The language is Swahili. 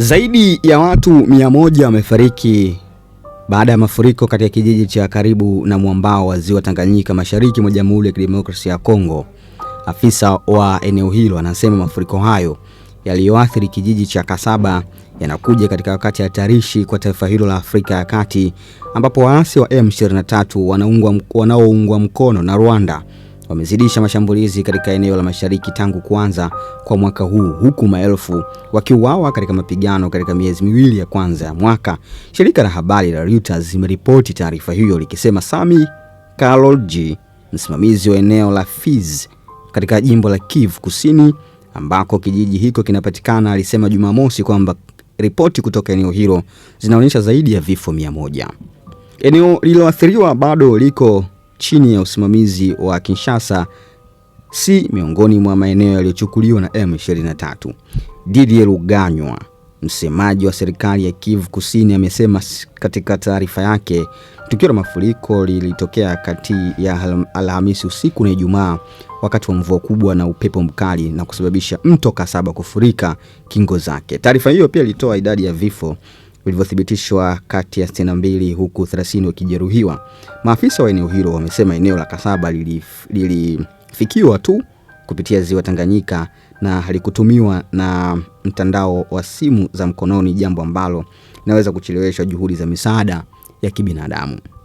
Zaidi ya watu mia moja wamefariki baada ya mafuriko katika kijiji cha karibu na mwambao wa Ziwa Tanganyika mashariki mwa Jamhuri ya Kidemokrasia ya Kongo. Afisa wa eneo hilo anasema mafuriko hayo yaliyoathiri kijiji cha Kasaba yanakuja katika wakati hatarishi kwa taifa hilo la Afrika ya Kati ambapo waasi wa M23 wanaoungwa mkono na Rwanda wamezidisha mashambulizi katika eneo la mashariki tangu kuanza kwa mwaka huu huku maelfu wakiuawa katika mapigano katika miezi miwili ya kwanza ya mwaka. Shirika la habari la Reuters limeripoti taarifa hiyo likisema Sami Kalolji, msimamizi wa eneo la Fiz katika jimbo la kiv Kusini ambako kijiji hicho kinapatikana, alisema Jumamosi kwamba ripoti kutoka eneo hilo zinaonyesha zaidi ya vifo mia moja. Eneo lililoathiriwa bado liko chini ya usimamizi wa Kinshasa si miongoni mwa maeneo yaliyochukuliwa na M23. Didier Luganywa, msemaji wa serikali ya Kivu Kusini, amesema katika taarifa yake tukio la mafuriko lilitokea kati ya Alhamisi usiku na Ijumaa wakati wa mvua kubwa na upepo mkali na kusababisha mto Kasaba kufurika kingo zake. Taarifa hiyo pia ilitoa idadi ya vifo vilivyothibitishwa kati ya 62 huku 30 wakijeruhiwa. Maafisa wa eneo hilo wamesema eneo la Kasaba lilifikiwa tu kupitia ziwa Tanganyika na halikutumiwa na mtandao wa simu za mkononi, jambo ambalo linaweza kuchelewesha juhudi za misaada ya kibinadamu.